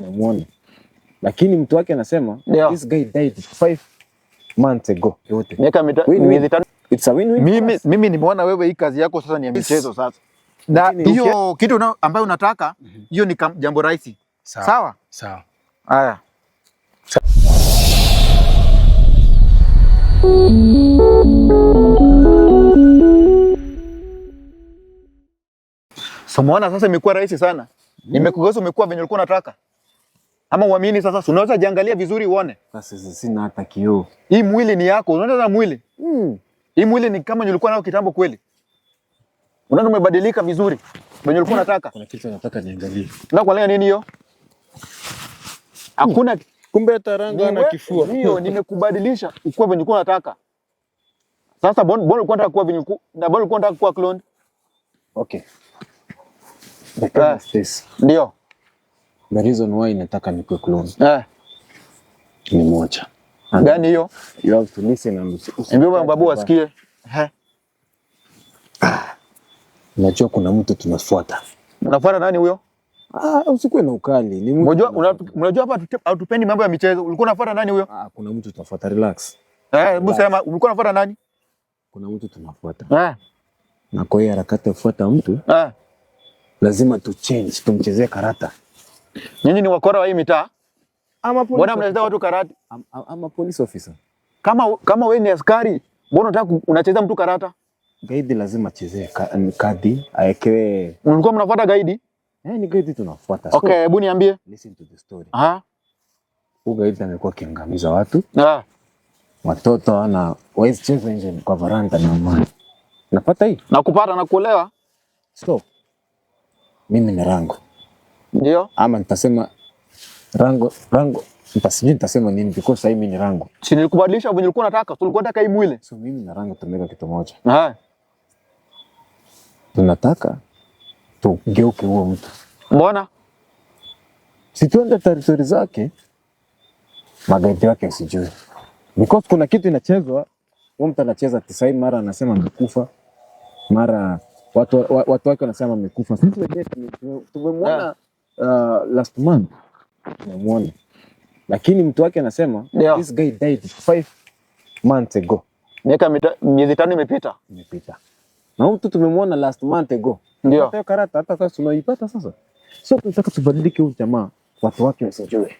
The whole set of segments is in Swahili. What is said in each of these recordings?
umemuona, lakini mtu wake anasema this guy died five months ago. Yote miaka mitatu, it's a win win. Mimi mimi nimeona wewe hii kazi yako sasa ni ya michezo sasa, na hiyo kitu ambayo unataka mhm. hiyo ni jambo rahisi. Sawa sawa, haya So, mwana sasa imekuwa rahisi sana, nimekugeuza umekuwa venye ulikuwa unataka ama uamini. Sasa unaweza jiangalia vizuri uone. Sasa sina hata kioo. Hii mwili ni yako, Unaona na mwili mm. Hii mwili ni kama nilikuwa nayo kitambo kweli, unaona umebadilika vizuri Mwenye ulikuwa unataka. Kuna kitu nataka niangalie. Na kuangalia nini hiyo? Hakuna hmm. kumbe taranga na kifua. Hiyo nimekubadilisha ukue venye ulikuwa unataka. Sasa bon bon ulikuwa unataka kuwa venye na bon ulikuwa unataka kuwa clone. Okay. Ndio. The reason why nataka nikue close ah, eh. ni moja gani hiyo? You have to listen and listen. ndio babu wasikie. Eh, ah. najua kuna mtu tunafuata. Unafuata nani huyo? Ah, usikuwe na ukali. Ni mtu unajua, hapa hatupendi mambo ya michezo. Ulikuwa unafuata nani huyo? Ah, kuna mtu tunafuata. Relax. Eh, hebu sema ulikuwa unafuata nani? Kuna mtu tunafuata. Eh. na kwa hiyo harakati ya kufuata mtu Eh. lazima tu change, tumchezee karata Nyinyi ni wakora wa hii mitaa. Mbona mnacheza watu karata? Ama ama police officer. Kama kama wewe ni askari, mbona unataka unacheza mtu karata? Gaidi lazima achezee kadi, awekewe. Mlikuwa mnafuata gaidi? Eh, ni gaidi tunafuata. So, okay, hebu niambie. Listen to the story. Aha. Huyu gaidi amekuwa akiangamiza watu. Ah. Watoto ana wawezi cheza nje kwa varanda na amani. Napata hii? Nakupata na kuolewa. Stop. Mimi ni rango. Ndio. Ama nitasema rango rango Sijui nitasema nini because sasa mimi ni rango. Si nilikubadilisha venye ulikuwa unataka, tulikuwa nataka hii mwili. So mimi na rango tumeka kitu moja. Aha. Tunataka tugeuke huo mtu. Mbona? Si tuende territory zake. Magaidi wake sijui. Because kuna kitu inachezwa, huo mtu anacheza tisai mara anasema amekufa. Mara watu watu wake wanasema amekufa. Sisi wenyewe tumemwona Yeah uh, last month unamuona, lakini mtu wake anasema yeah. This guy died five months ago, miaka miezi tano imepita imepita, na mtu tumemwona last month ago, ndio hiyo karata hata sasa tunaipata sasa. So tunataka tubadilike, huyu jamaa watu wake wasijue,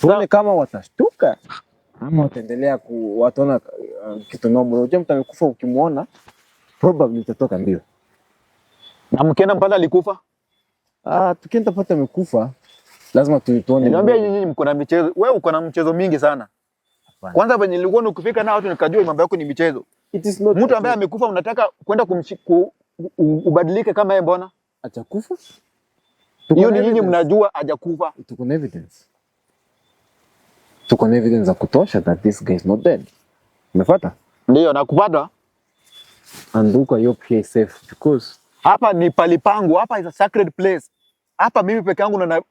tuone kama watashtuka ama wataendelea kuwatona uh, kitu nomo. Unajua mtu amekufa, ukimwona probably itatoka ndio, na mkenda mpanda alikufa Ah, tukienda pata mikufa lazima tuitone. Eh, Niambia nyinyi mko na michezo. Wewe uko na mchezo mingi sana. Apana. Kwanza venye nilikuwa nikufika na watu nikajua mambo yako ni michezo. It is not mtu ambaye amekufa unataka kwenda kumshiku ubadilike kama yeye mbona? Atakufa? Hiyo ni nyinyi mnajua hajakufa. Tuko na evidence. Tuko na evidence za kutosha that this guy is not dead. Umefuata? Ndio nakupata. Anduka hiyo PSF because hapa ni palipangu, hapa is a sacred place hapa mimi peke yangu na,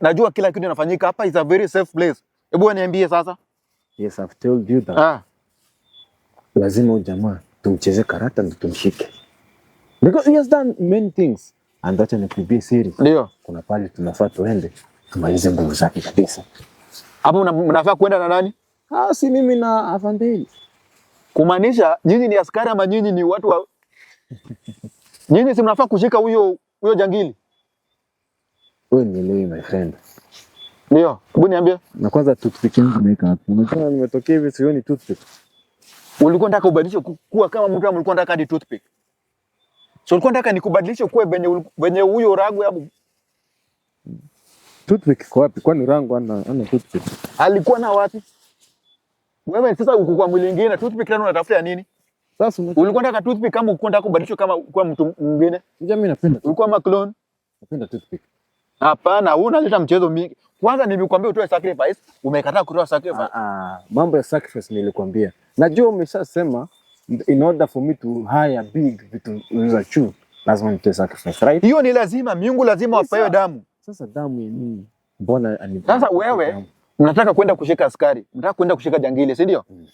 najua kila kitu inafanyika hapa, is a very safe place. Hebu niambie sasa. Yes, I've told you that. Ah. Lazima ujamaa tumcheze karata na tumshike. Because he has done many things. And that acha nikuibie siri. Ndio. Kuna pale tunafaa tuende tumalize nguvu zake kabisa. Hapo mnafaa kwenda na nani? Ah, si mimi na Avandeli. Kumaanisha nyinyi ni askari ama nyinyi ni watu wa nyinyi si mnafaa kushika huyo huyo jangili? Wewe nielewi my friend. Ndio, hebu niambie. Na kwanza toothpick yangu naika wapi? Unaona nimetokea hivi sioni toothpick. Ulikuwa unataka ubadilishe kuwa kama mtu ambaye ulikuwa unataka hadi toothpick. So ulikuwa unataka nikubadilishe kuwa benye benye huyo rangu hapo. Toothpick kwa wapi? Kwani rangu ana ana toothpick. Alikuwa na wapi? Wewe sasa uko kwa mwili mwingine toothpick tena unatafuta nini? Sasa ulikuwa unataka toothpick kama ulikuwa unataka kubadilishwa kama kwa mtu mwingine? Sija mimi napenda. Ulikuwa ma clone. Napenda toothpick. Hapana, wewe unaleta mchezo mingi. Kwanza nilikwambia utoe sacrifice, umekataa kutoa sacrifice. Ah, ah, mambo ya sacrifice nilikwambia. Najua umeshasema in order for me to hire big vitu za chu, lazima nitoe sacrifice, right? Hiyo ni lazima, miungu lazima wapewe damu. Sasa damu ya nini? Mbona ani Sasa wewe unataka kwenda kushika askari, unataka kwenda kushika jangili, si ndio? Mm.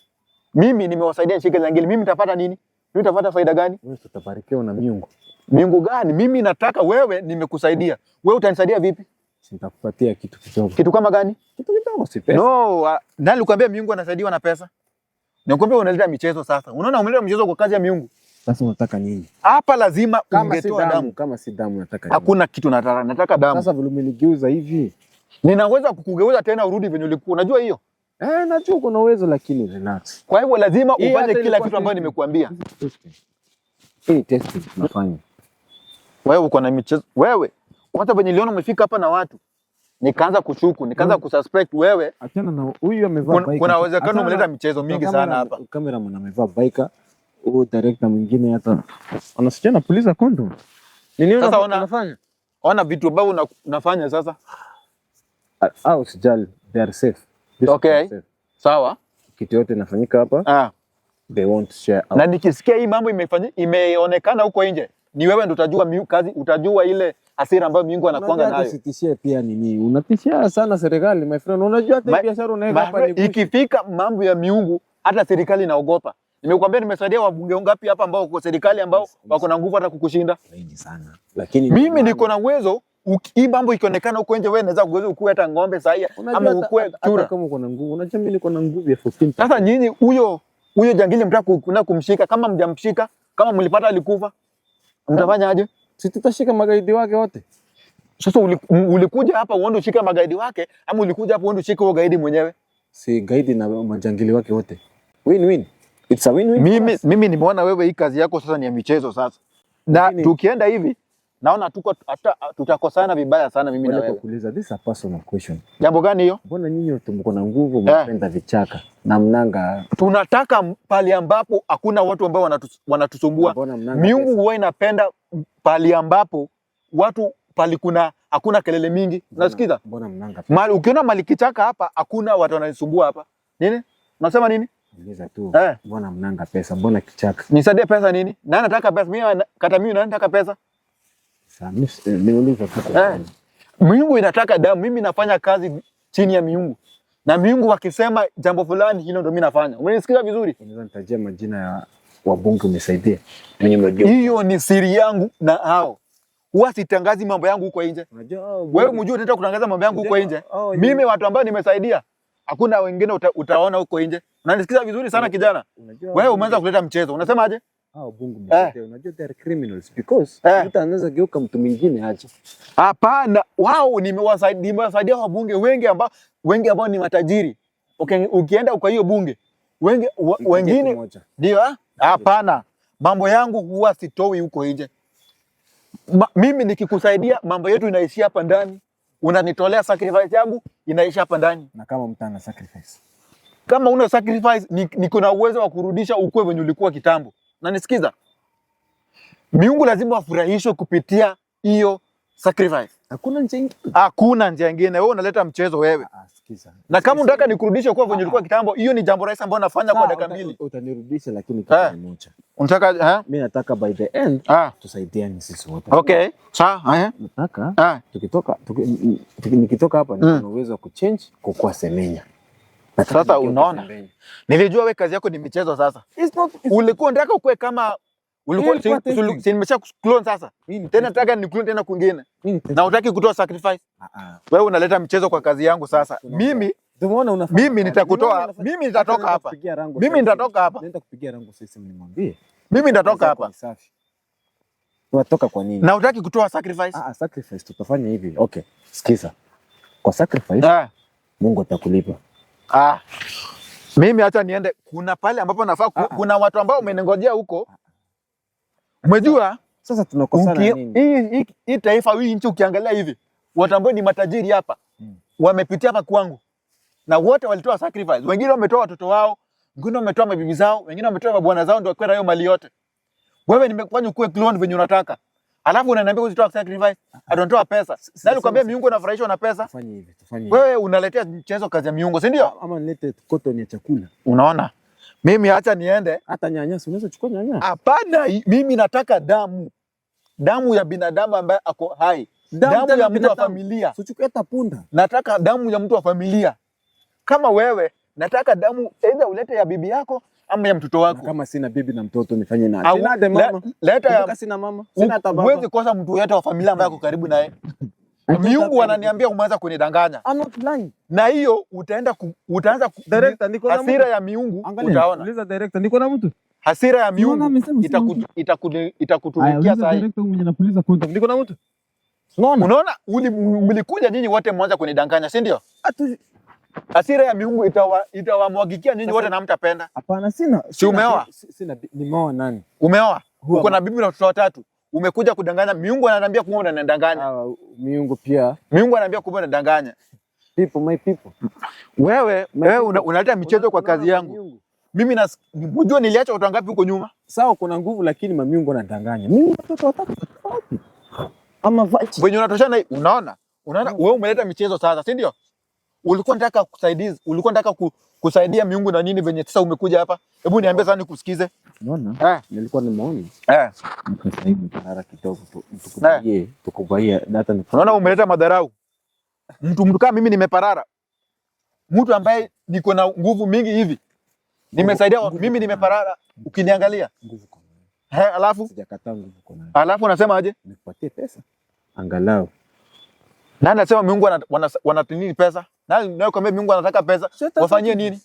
Mimi nimewasaidia nishike jangili, mimi nitapata nini? mimi utapata faida gani? Mimi Tutabarikiwa na miungu. Miungu gani? Mimi nataka wewe, nimekusaidia wewe, utanisaidia vipi? Nitakupatia kitu kidogo. Kitu kama gani? Kitu kidogo, si pesa. No, uh, nani likwambia miungu anasaidiwa na pesa? Nikwambia unaleta michezo sasa. Unaona umeleta michezo kwa kazi ya miungu. Sasa unataka nini? Hapa lazima ungetoa si damu, kama si damu nataka. Hakuna kitu nataka, nataka damu. Sasa vile umenigeuza hivi. Ninaweza kukugeuza tena urudi venye ulikuwa. Unajua hiyo? Eh, najua kuna uwezo lakini relax. Kwa hivyo lazima ufanye kila kitu ambacho nimekuambia. Hii test nafanya. Wewe uko na michezo. Wewe kwanza venye niliona umefika hapa na watu nikaanza kushuku, nikaanza kususpect wewe. Achana na huyu amevaa bike. Kuna uwezekano umeleta michezo mingi sana hapa. Cameraman amevaa bike. Huyu director mwingine hata anasichana puliza kondo. Niliona sasa unafanya. Ona vitu ambavyo unafanya sasa. Ah, au sijali, they are safe. Okay. Sawa. Kitu yote inafanyika hapa. Ah. They won't share. out. Na nikisikia hii mambo imefanya imeonekana huko nje, ni wewe ndo utajua miu, kazi, utajua ile hasira ambayo Mungu anakuanga nayo. Usitishie pia nini? Unatishia sana serikali my friend. Unajua hata biashara unaweka hapa ni ikifika mambo ya miungu hata serikali inaogopa. Nimekuambia nimesaidia wabunge ngapi hapa ambao kwa serikali ambao wako na nguvu hata kukushinda. Wengi sana. Lakini mimi niko na uwezo hii mambo ikionekana huko nje, wewe unaweza kuweza ukue hata ng'ombe sahihi, ama ukue chura kama uko na nguvu. Unajua mimi niko na nguvu ya 15. Sasa nyinyi huyo huyo jangili mtaka kumshika, kama mjamshika, kama mlipata alikufa, mtafanya aje? Si tutashika magaidi wake wote. Sasa ulikuja hapa uende ushike magaidi wake, ama ulikuja hapa uende ushike ugaidi mwenyewe? Si gaidi na majangili wake wote. Win win. It's a win win. Mimi mimi nimeona wewe hii kazi yako sasa ni ya michezo sasa. Na tukienda hivi naona tuko hata tutakosana vibaya sana mimi na wewe. this a personal question. Jambo gani hiyo? Mbona nyinyi mko na nguvu eh. mpenda vichaka na mnanga? Tunataka pali ambapo hakuna watu ambao wanatusumbua. Miungu huwa inapenda pali ambapo watu pali kuna hakuna kelele mingi. Unasikiza? Mbona mnanga? Mali ukiona mali kichaka hapa hakuna watu wanaisumbua hapa. Nini? Unasema nini? Niuliza tu. Eh. Mbona mnanga pesa? Mbona kichaka? Nisaidie pesa nini? Na nataka pesa mimi kata mimi na nataka pesa. Eh, eh, miungu inataka damu. Mimi nafanya kazi chini ya miungu na miungu wakisema jambo fulani, hilo ndo mi nafanya. Umenisikiza vizuri? Unaweza nitajia majina ya wabunge umesaidia? Hiyo ni siri yangu na hao huwa sitangazi mambo yangu huko nje. Oh, Wewe mjue utaenda kutangaza mambo yangu huko nje. Oh, mimi watu ambao nimesaidia hakuna wengine uta, utaona huko nje. Unanisikiza vizuri sana kijana? Wewe umeanza kuleta mchezo. Unasemaje? hao Bungu eh. unajua they are criminals because eh. mtu anaweza geuka mtu mwingine aje. Hapana, wao nimewasaidia, nimewasaidia wabunge wengi ambao wengi ambao ni matajiri. Okay, ukienda kwa hiyo bunge wengi wengine ndio eh? hapana, mambo yangu huwa sitoi huko nje. Ma, mimi nikikusaidia mambo yetu inaishia hapa ndani, unanitolea sacrifice yangu inaishia hapa ndani, na kama mtu ana sacrifice kama una sacrifice niko ni na uwezo wa kurudisha ukwe venye ulikuwa kitambo nanisikiza, miungu lazima wafurahishwe kupitia hiyo sacrifice. Hakuna njia nyingine, hakuna njia nyingine. Wewe unaleta mchezo wewe. Ah, sikiza. Na kama unataka nikurudishe kwa venye ulikuwa ah, ah. kitambo, hiyo ni jambo rahisi ambalo nafanya kwa ah, dakika mbili. Utanirudisha lakini kwa eh. moja. Unataka eh? Mimi nataka by the end ah, tusaidiane sisi wote. Okay. Sawa, eh? Nataka ah, tukitoka tukitoka hapa nina mm. uwezo wa kuchange kwa kwa semenya. Sasa unaona, nilijua we kazi yako ni michezo. Sasa ulikuwa ndaka ukue kama ulikuwa nimesha clone sasa tena ni clone tena kwingine, na utaki kutoa sacrifice. Ah, ah. Wewe unaleta mchezo kwa kazi yangu sasa. Mimi mimi nitakutoa, mimi nitatoka hapa, mimi nitatoka hapa, mimi nitatoka hapa na utaki kutoa sacrifice. Ah, ah, sacrifice tutafanya hivi. Okay, sikiza, kwa sacrifice eh. Mungu atakulipa. Ah. Mimi hata niende, kuna pale ambapo nafaa ku, ah, ah. kuna watu ambao umenengojea huko. Umejua ah, sasa tunakosana nini? Hii hii taifa hii nchi ukiangalia hivi, watu ambao ni matajiri hapa hmm, wamepitia hapa kwangu na wote walitoa sacrifice. Wengine wametoa watoto wao, wengine wametoa mabibi zao, wengine wametoa mabwana zao ndio kwa hiyo mali yote. Wewe nimekufanya ukue clone venye unataka. Alafu unaniambia usitoa sacrifice, atonatoa pesa. Na yaani nilikwambia miungu inafurahishwa na pesa. Fanya hivi, tufanye hivi. Wewe unaletea mchezo kazi ya miungu, si ndio? Ama nilete cotton ya chakula. Unaona? Mimi acha niende. Hata nyanya, si unaweza chukua nyanya. Hapana, mimi nataka damu. Damu ya binadamu ambaye ako hai. Damu, damu, damu ya mtu wa familia. chukua hata punda. Nataka damu ya mtu wa familia. Kama wewe nataka damu aidha ulete ya bibi yako ama ya mtoto wako. Kama sina bibi na mtoto nifanye nani? Sina hata mama. Leta ya sina mama. Sina hata baba. Huwezi kosa mtu yote wa familia ambaye ako karibu naye. Miungu wananiambia umeanza kunidanganya. I'm not lying. Na hiyo utaenda ku, utaanza ku, director niko na mtu. hasira ya miungu utaona. Uliza director niko na mtu. Hasira ya miungu itakutumikia sasa hivi. Niko na mtu. Unaona, mlikuja nyinyi wote mwanza kunidanganya, si ndio? Hasira ya miungu itawamwagikia itawa nyinyi wote na mtapenda. Hapana, sina. Si umeoa? Sina, nimeoa nani? Umeoa? Uko na bibi na watoto watatu. Umekuja kudanganya miungu, ananiambia kumbe unanidanganya. Ah, miungu pia. Miungu ananiambia kumbe unadanganya. People, my people. Wewe, my wewe unaleta una, una michezo una, kwa kazi yangu. Mimi na unajua niliacha watu wangapi huko nyuma? Sawa, kuna nguvu lakini mamiungu anadanganya. Mimi watoto watatu Ama vice. Wewe unatoshana, unaona? Unaona mm. wewe umeleta michezo sasa, si ndio? ulikuwa nataka kusaidia, ulikuwa nataka ku, kusaidia miungu na nini venye sasa umekuja hapa. Hebu niambie sana nikusikize. Unaona? Eh, nilikuwa nimeona. Eh. Mtu sasa Nikasaidia mtara kidogo tu tukubaye, eh. tukubaye data ni. Unaona umeleta madharau. Mtu mtu kama mimi nimeparara. Mtu ambaye niko na nguvu mingi hivi. Nimesaidia mimi nimeparara ukiniangalia. Nguvu kwa. nini? Eh, alafu sijakataa nguvu kwa. nini? Alafu unasema aje? Nipatie pesa. Angalau. Nani anasema miungu wanatini wana, wana pesa? Na na kwambia Mungu anataka pesa. Wafanyie nini?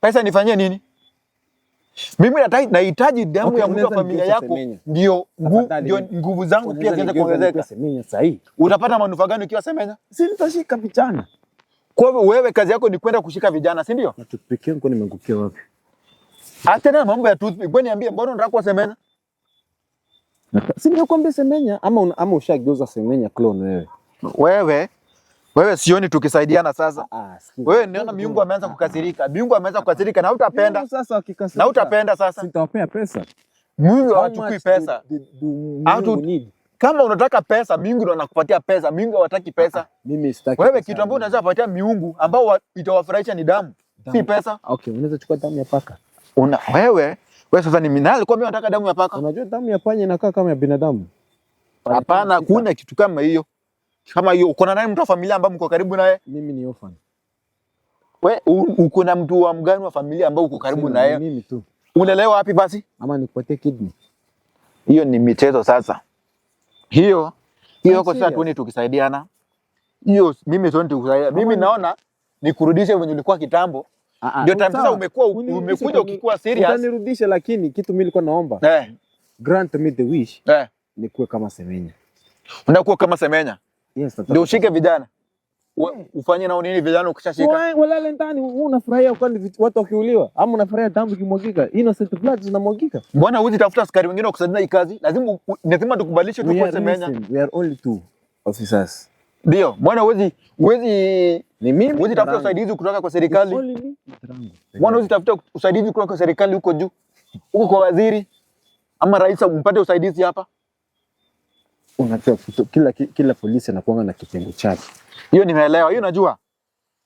Pesa nifanyie nini? Mimi nahitaji damu okay, ya mtu wa familia yako ndio nguvu zangu pia zianze kuongezeka. Utapata manufaa gani ukiwa semenya? Si nitashika vijana. Kwa hivyo wewe kazi yako ni kwenda kushika vijana, si ndio? Na toothpick yangu nimeangukia wapi? Hata na mambo ya toothpick, wewe niambie mbona unataka kuwa semenya? Si ndio semenya ama ama ushageuza semenya clone wewe. Wewe wewe sioni tukisaidiana sasa. Ah, ah, wewe niona miungu ameanza ah, kukasirika. Miungu ameanza kukasirika na utapenda. Sasa na utapenda sasa. Sitawapea pesa. Mungu hawachukui pesa. Hatu kama unataka pesa, Mungu ndo anakupatia pesa. Mungu hawataki pesa. Mimi sitaki. Wewe kitu ambacho unaweza kupatia miungu ambao itawafurahisha ni damu. Si pesa. Okay, unaweza chukua damu ya paka. Una wewe wewe sasa ni mimi kwa mimi nataka damu ya paka. Unajua damu ya panya inakaa kama ya binadamu. Hapana, kuna kitu kama hiyo kama hiyo. Uko na nani mtu wa familia ambaye mko karibu naye? Mimi ni orphan. We uko na mtu wa mgani wa familia ambaye uko karibu naye? Mimi tu. Unalelewa wapi basi? Ama nikupatie kidney. Hiyo ni michezo sasa. Hiyo hiyo kwa sasa tuone tukisaidiana. Hiyo mimi sioni tukusaidia. Mimi naona nikurudishe venye ulikuwa kitambo. Ah, ah, Ndio time sasa umekuwa umekuja ukikuwa serious. Utanirudisha lakini kitu mimi nilikuwa naomba. Eh. Grant me the wish. Eh. Nikuwe kama Semenya. Unakuwa kama Semenya. Yes, ndio ushike vijana yeah. ufanye nao nini vijana? Ukishashika walale ndani, unafurahia kwani watu wakiuliwa, ama unafurahia damu kimwagika, innocent blood zinamwagika? Bwana, huzi tafuta askari wengine wa kusaidia kazi. Lazima lazima tukubalishe, tuko semenya, we are only two officers. Ndio bwana, huzi huzi ni mimi, huzi tafuta usaidizi kutoka kwa serikali bwana, huzi tafuta usaidizi kutoka kwa serikali huko juu, huko kwa waziri ama rais, mpate usaidizi hapa kila, kila polisi anakuanga na kitengo chake. Hiyo nimeelewa, hiyo najua.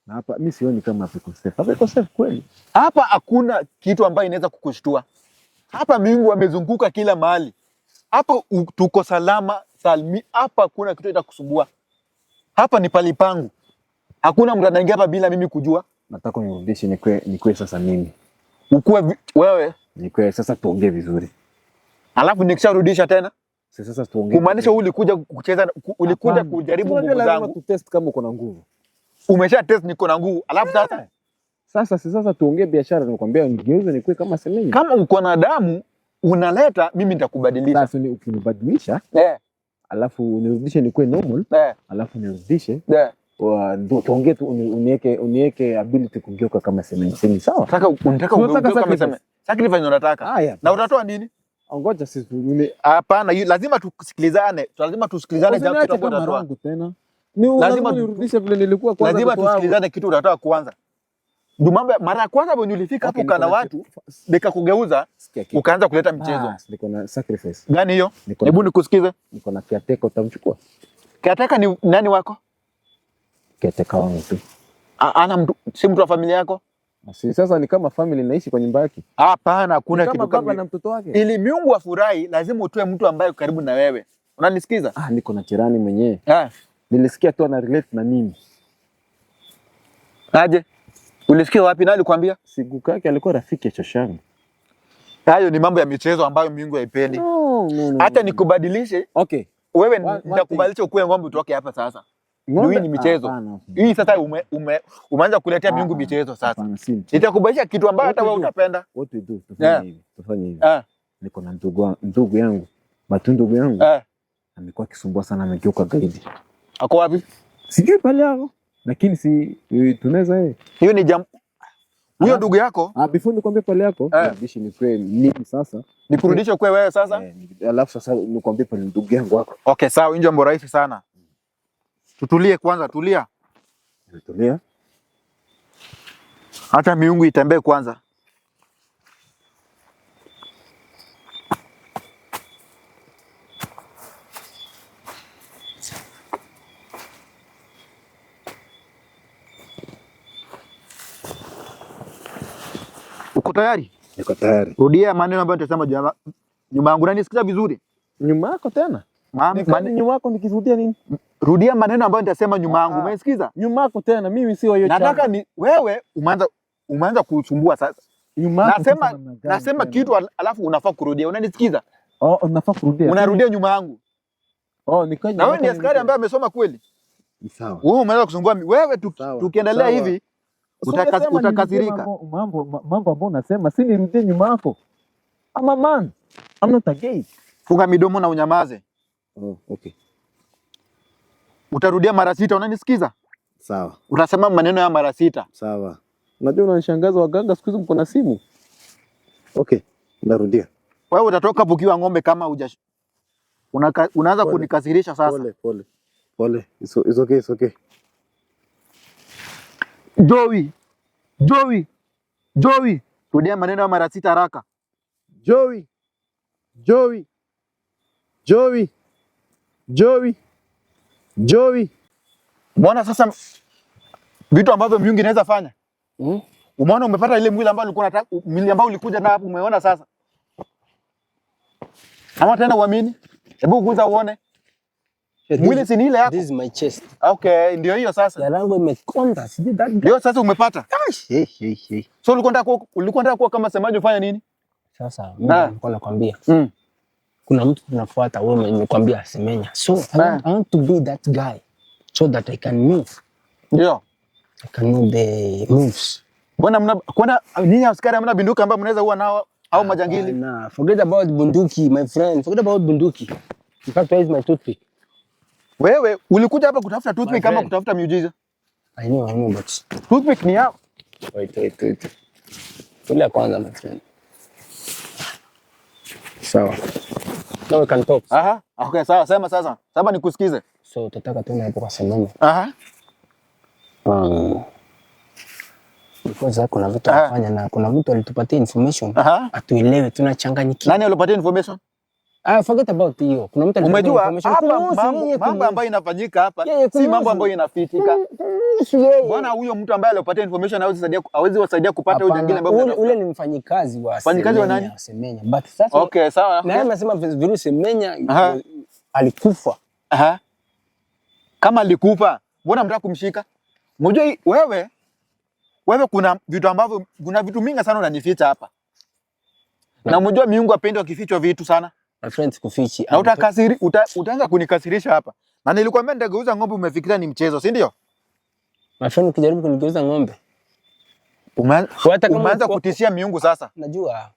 Na hapa mimi sioni kama hapa safe. Hapa iko safe kweli. Hapa hakuna kitu ambayo inaweza kukushtua. Hapa Mungu amezunguka kila mahali. Hapa tuko salama salmi. Hapa hakuna kitu itakusumbua. Hapa ni pali pangu. Hakuna mtu anaingia hapa bila mimi kujua. Nataka unirudishe nikwe nikwe sasa mimi. Ukue wewe. Nikwe sasa tuongee vizuri. Alafu nikisharudisha tena sasa tuongee. Kumaanisha wewe ulikuja kucheza, ulikuja kujaribu nguvu zangu. Lazima test kama uko na nguvu. Umesha test niko na nguvu. Alafu sasa eh. sasa si sasa tuongee biashara, nikwambia nigeuze nikuwe kama semeni. Kama uko na damu unaleta, mimi nitakubadilisha. Sasa ni ukinibadilisha, eh, alafu unirudishe nikuwe normal, eh, alafu unirudishe, eh, ndio tuongee tu, uniweke uniweke ability kugeuka kama semeni. semenyi. Sawa? Nataka unataka kama semenyi. Sacrifice unataka. Ah, na utatoa nini? Ongoja Ngoja sizungumze. Hapana, lazima tusikilizane. Lazima tusikilizane jambo kitu kwa ndoa tena. Ni lazima nirudishe vile nilikuwa kwanza. Lazima tusikilizane kitu unataka kuanza. Ndio mambo mara ya kwanza wewe ulifika hapo okay, kana watu kugeuza ukaanza kuleta mchezo. Niko na sacrifice. Gani hiyo? Hebu nikusikize. Niko na kiateko utamchukua. Kiateka ni nani wako? Kiateka wangu Ana mtu si mtu wa familia yako? Si sasa ni kama family naishi kwa nyumba yake? Hapana, hakuna kitu kama baba na mtoto wake. Ili miungu afurahi, lazima utoe mtu ambaye karibu na wewe. Unanisikiza? Ah, niko na jirani mwenyewe. Ah. Nilisikia tu ana relate na mimi. Aje? Ulisikia wapi na alikwambia? Siguka yake alikuwa rafiki ya Shoshangu. Hayo ni mambo ya michezo ambayo miungu haipendi. No, no, no, hata nikubadilishe. Okay. Wewe nitakubadilisha ukue ng'ombe utoke hapa sasa. Louis ni michezo ah, hii sasa, ume, ume, umeanza kuletea miungu ah, michezo sasa, nitakubaisha kitu ambayo hata wewe utapenda. Ah. Niko na ndugu ndugu yangu Matu, ndugu yangu amekuwa akisumbua sana, amegeuka gaidi. Ako wapi? Sijui pale hapo, lakini si tunaweza hiyo ni jam huyo ndugu yako ah, before nikwambie pale yako nirudishi, ni kwe nini sasa, nikurudishe kwe wewe sasa, eh, alafu sasa nikwambie pale ndugu yangu wako. Okay, sawa, ni jambo rahisi sana Tutulie kwanza, tulia tulia, Hata miungu itembee kwanza. Uko tayari? Niko tayari. Rudia maneno ambayo nitasema nyuma yangu, nani sikiza vizuri. Nyuma yako tena? Nyuma yako nikirudia nini? Rudia maneno ambayo nitasema nyuma yangu. Ah, ah. Umesikiza? Nyuma yako tena mimi sio hiyo chama. Nataka ni wewe umeanza umeanza kusumbua sasa. Nyuma yako. nasema nasema kitu alafu unafaa kurudia. Unanisikiza? Oh, unafaa kurudia. Unarudia nyuma yangu. Oh, nikaje. Na wewe ni askari ambaye amesoma kweli? Ni Sawa. Wewe umeanza kusumbua mimi. wewe tukiendelea hivi utakasirika. Mambo mambo ambayo unasema si nirudie nyuma yako. Ama man. I'm not a gay. Funga midomo na unyamaze. Oh, okay utarudia mara sita. Unanisikiza? Sawa. Utasema maneno ya mara sita. Sawa. Unajua unanishangaza, waganga siku hizi mko na simu. Okay, narudia. Wewe utatoka bukiwa ng'ombe kama Unaka... unaanza kunikasirisha sasa. Pole pole pole, it's, it's okay, it's okay. Joey, Joey, Joey, rudia maneno ya mara sita haraka. Joey, Joey, Joey, Joey. Joey, umeona sasa vitu ambavyo miungu inaweza fanya mm. Umeona, umepata ile mwili ambao ulikuwa unataka, mwili ambao ulikuja na hapo, umeona sasa. Ama tena uamini, hebu kuuza uone mwili si ile yako. This is my chest. Okay, ndio hiyo sasa. Ya langu imekonda, sijui that. Ndio sasa umepata. Ah, Hey, hey, hey. So ulikuwa unataka ulikuwa unataka kuwa kama semaji, ufanya nini? Sasa, mimi nilikuwa nakwambia. Mm kuna mtu tunafuata, wewe nimekwambia asemenya. So I want, I want to be that guy so that I can move. Yeah. I can know the moves. Bwana mna kuna nini ah, askari hamna binduki ambayo mnaweza kuwa nao au ah, majangili? Na forget about bunduki my friend. Forget about bunduki. In fact, where is my toothpick? Wewe ulikuja hapa kutafuta toothpick kama kutafuta miujiza? I know, I know, but toothpick ni hapo. Wait, wait, wait. Tulia kwanza my friend. Sawa. So. Now we can talk. Aha. Okay, sawa, sema sasa. Sasa nikusikize. So utataka tena hapo kwa sababu. Aha. Um, because kuna vitu anafanya na kuna mtu alitupatia information. Atuelewe tunachanganyikiwa. Nani alipatia information? Ah, forget about hiyo. Kuna mtu hapa mambo mambo ambayo inafanyika hapa si mambo ambayo inafitika. Mm, mm, Bwana huyo mtu ambaye alipatia information hawezi saidia hawezi wasaidia kupata yule mwingine ambaye ule ule ni mfanyikazi wa mfanyikazi wa nani? Semenya. But sasa Okay, sawa. Na yeye anasema virusi Semenya alikufa. Aha. Kama alikufa, mbona mtaka kumshika? Unajua wewe wewe kuna vitu ambavyo kuna vitu mingi sana unanificha hapa. Na unajua miungu apende wakifichwa vitu sana. My friend Kufichi. Na utakasiri uta, utaanza kunikasirisha hapa. Na nilikwambia nitageuza ng'ombe umefikiria ni mchezo, si ndio? My friend ukijaribu kunigeuza ng'ombe. Umeanza kutishia miungu sasa. Najua.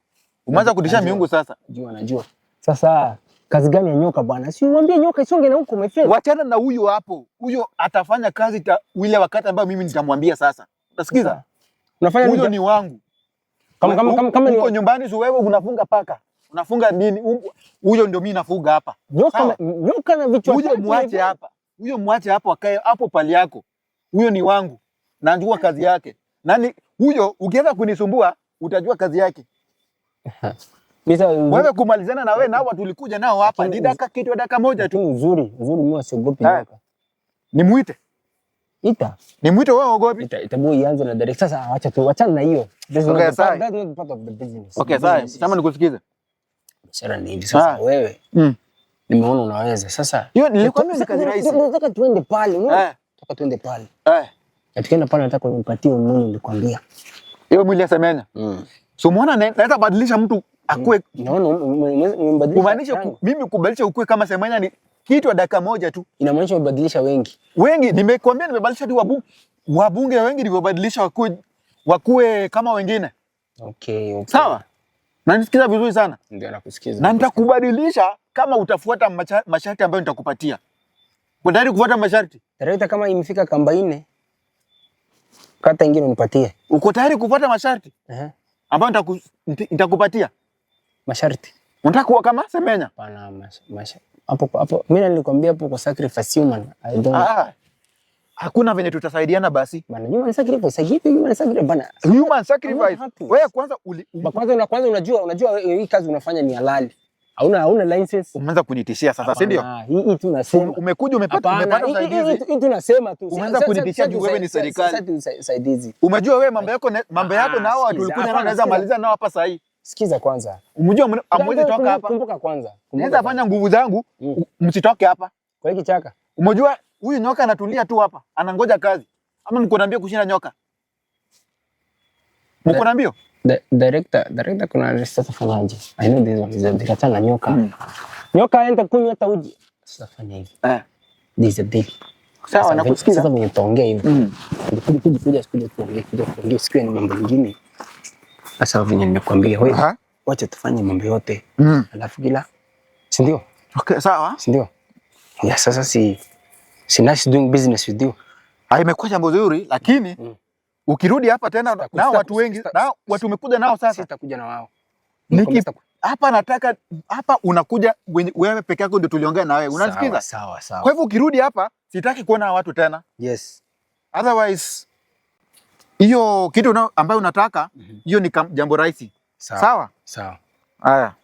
Umeanza kutishia miungu sasa. Najua, najua. Sasa kazi gani ya nyoka bwana? Si uambie nyoka isonge na huko my Wachana na huyo hapo. Huyo atafanya kazi ta ile wakati ambao mimi nitamwambia sasa. Unasikiza? Unafanya nini? Huyo ni wangu. Kama kama kama, kama ni nyumbani wewe unafunga paka. Unafunga nini? Huyo ndio mimi nafuga hapa. Nyoka nyoka na vichwa huyo muache hapa. Huyo muache hapo akae hapo pali yako. Huyo ni wangu. Na najua kazi yake. Nani huyo ukianza kunisumbua utajua kazi yake. Bisa uh, wewe kumalizana na wewe na watu tulikuja nao hapa ni dakika kitu dakika moja tu. Nzuri, nzuri mimi wasiogopi nyoka. Nimuite. Ita. Nimuite wewe ogopi. Ita, itabu ianze na direct sasa acha tu achana na hiyo. Okay, sasa. Okay, sasa. Kama nikusikize mshahara ni hivi sasa. ah. Wewe mm. nimeona unaweza sasa. hiyo rahisi Nataka tuende pale, eh. nataka tuende pale, eh. na tukienda pale nataka unipatie mimi nilikwambia, hiyo mwili ya mm. So muona naweza badilisha mtu mm. akue, naona umebadilisha kumaanisha mimi kubadilisha ukue kama Semenya ni kitu ya dakika moja tu, inamaanisha umebadilisha wengi wengi. Nimekwambia nimebadilisha tu wabu wabunge wengi nilivyobadilisha wakue, wakue kama wengine. Okay, okay. Sawa. Nanisikiza vizuri sana? Ndio, nakusikiza. Na nitakubadilisha kama utafuata masharti ambayo nitakupatia. Uko tayari kufuata masharti? Tarehe kama imefika kamba nne, kata ingine unipatie. Uko tayari kufuata masharti? Eh. Ambayo nitakupatia. Masharti. Unataka kuwa kama Semenya? Hapana, masharti. Hapo hapo mimi nilikwambia hapo kwa sacrifice human. I don't. Ah hakuna venye tutasaidiana basi. human sacrifice, Wewe kwanza uli, uli. Kwanza una kwanza unajua unajua hii kazi unafanya ni halali. Hauna hauna license. Umeanza kunitishia sasa, si ndio? Hii tunasema. Umekuja umepata umepata usaidizi. Hii tunasema tu. Umeanza kunitishia juu wewe ni serikali. Usaidizi. Umejua wewe mambo yako mambo yako ah, na hao tulikuwa nao naweza maliza nao hapa sasa hivi. Sikiza kwanza. Umejua amwezi toka hapa. Kumbuka kwanza. Naweza fanya nguvu zangu mm. msitoke hapa. Kwa hiki chaka. Umejua Huyu nyoka anatulia tu hapa, anangoja kazi. Ama mko naambia kushinda nyoka? Mko naambia The director, director kuna sasa fanyaje? I know this one is a director na nyoka. Mm. Nyoka aenda kunywa hata uji. Sasa fanya hivi. Eh. This is a deal. Sawa, nakusikiza. Sasa mimi nitaongea hivi. Mm. Kuja kuja kuja kuja tuongee kuja tuongee sikio ni mambo mengine. Sasa vinyo nimekuambia wewe. Wacha tufanye mambo yote. Mm. Alafu kila. Si ndio? Okay, sawa. Si ndio? Ya sasa si Sinash doing business with you. Ah, imekuwa jambo zuri lakini mm. ukirudi hapa tena na nao watu wengi na watu umekuja nao sasa. Sitakuja na wao. Niki hapa nataka hapa unakuja wewe peke yako ndio tuliongea na wewe. Unasikiza? Sawa sawa. Kwa hivyo ukirudi hapa sitaki kuona watu tena. Yes. Otherwise hiyo kitu ambayo unataka mhm. hiyo -hmm. ni jambo rahisi. Sawa. Sawa. Haya.